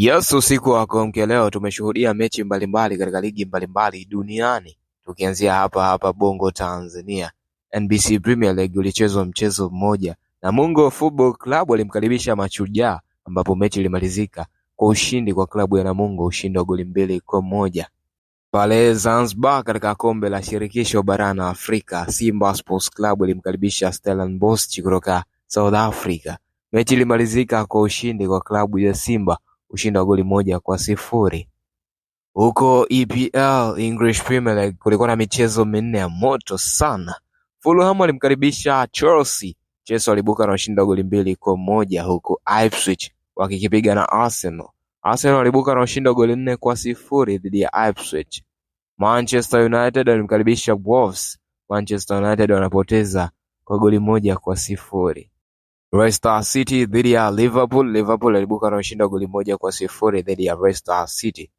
Yes usiku wa kuamkia leo tumeshuhudia mechi mbalimbali katika ligi mbalimbali duniani tukianzia hapa hapa Bongo Tanzania NBC Premier League ulichezwa mchezo mmoja Namungo Football Club alimkaribisha Mashujaa ambapo mechi ilimalizika kwa ushindi kwa klabu ya Namungo, ushindi wa goli mbili kwa moja. Pale Zanzibar, katika kombe la shirikisho barani Afrika, Simba Sports Club ilimkaribisha Stellenbosch kutoka South Africa. Mechi ilimalizika kwa ushindi kwa klabu ya Simba, ushindi wa goli moja kwa sifuri huko EPL English Premier League kulikuwa na michezo minne ya moto sana. Fulham walimkaribisha Chelsea. Chelsea walibuka na ushindi wa goli mbili kwa moja huku Ipswich wakikipiga na Arsenal. Arsenal walibuka na ushindi wa goli nne kwa sifuri dhidi ya Ipswich. Manchester United walimkaribisha Wolves. Manchester United wanapoteza kwa goli moja kwa sifuri. Leicester City dhidi ya Liverpool Liverpool alibuka na ushindi wa goli moja kwa sifuri dhidi ya Leicester City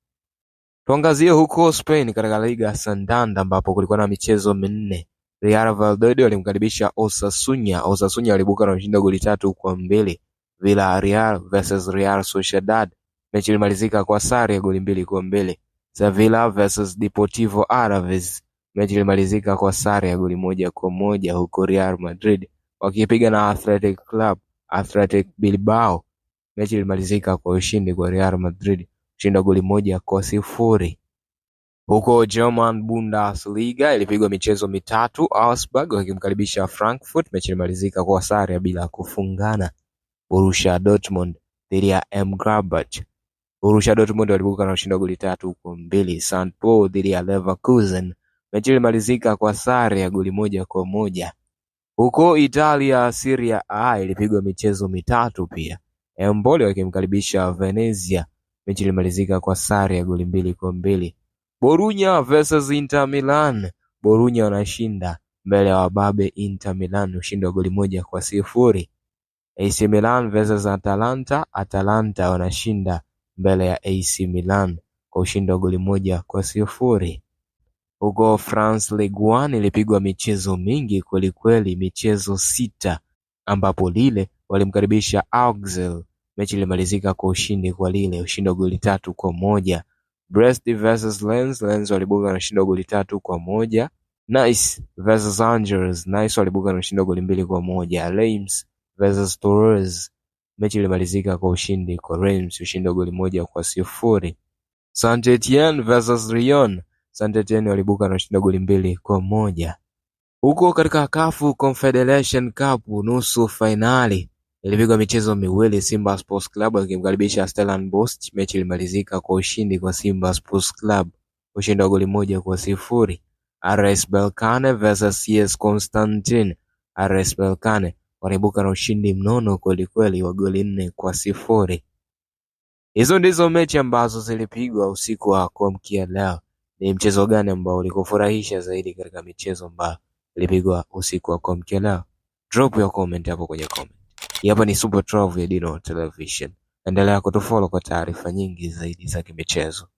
tuangazie huko Spain katika Liga Santander ambapo kulikuwa na michezo minne Real Valladolid walimkaribisha Osasuna Osasuna alibuka na ushindi wa goli tatu kwa mbili Villarreal versus Real Sociedad mechi ilimalizika kwa sare ya goli mbili kwa mbili Sevilla versus Deportivo Alaves mechi ilimalizika kwa sare ya goli moja kwa moja huko Real Madrid wakipiga na Athletic Club Athletic Bilbao mechi ilimalizika kwa ushindi kwa Real Madrid kushinda goli moja kwa sifuri. Huko German Bundesliga ilipigwa michezo mitatu, Augsburg wakimkaribisha Frankfurt, mechi ilimalizika kwa sare bila kufungana. Borussia Dortmund dhidi ya MSC Gladbach, Borussia Dortmund walibuka na kushinda goli tatu kwa mbili. St Pauli dhidi ya Leverkusen, mechi ilimalizika kwa sare ya goli moja kwa moja. Huko Italia Serie A ilipigwa michezo mitatu pia Empoli wakimkaribisha Venezia mechi ilimalizika kwa sare ya goli mbili kwa mbili Borunya versus Inter Milan Borunya wanashinda mbele ya wababe Inter Milan ushindi wa goli moja kwa sifuri AC Milan versus Atalanta Atalanta wanashinda mbele ya AC Milan kwa ushindi wa goli moja kwa sifuri huko france ligue one ilipigwa michezo mingi kwelikweli michezo sita ambapo lille walimkaribisha auxerre mechi ilimalizika kwa ushindi kwa lille ushindi wa goli tatu kwa moja brest versus lens lens walibuka na ushindi wa goli tatu kwa moja nice versus Angers, nice walibuka na ushindi wa goli mbili kwa moja reims versus Tours, mechi ilimalizika kwa ushindi kwa reims ushindi wa goli moja kwa sifuri saint etienne versus lyon Sandton waliibuka na ushindi wa goli mbili kwa moja huko katika Kafu Confederation Cup nusu fainali ilipigwa michezo miwili Simba Sports Club wakimkaribisha Stellenbosch. Mechi ilimalizika kwa ushindi kwa Simba Sports Club, ushindi wa goli moja kwa sifuri. RS Berkane vs CS Constantine. RS Berkane wanaibuka na ushindi mnono kwelikweli wa goli nne kwa sifuri. Hizo ndizo mechi ambazo zilipigwa usiku wa kuamkia leo. Ni mchezo gani ambao ulikufurahisha zaidi katika michezo ambayo ilipigwa usiku wa kuamkia leo? Drop your comment hapo kwenye comment. hapa ni Super 12 ya Dino Television. Endelea kutufollow kwa taarifa nyingi zaidi za kimichezo.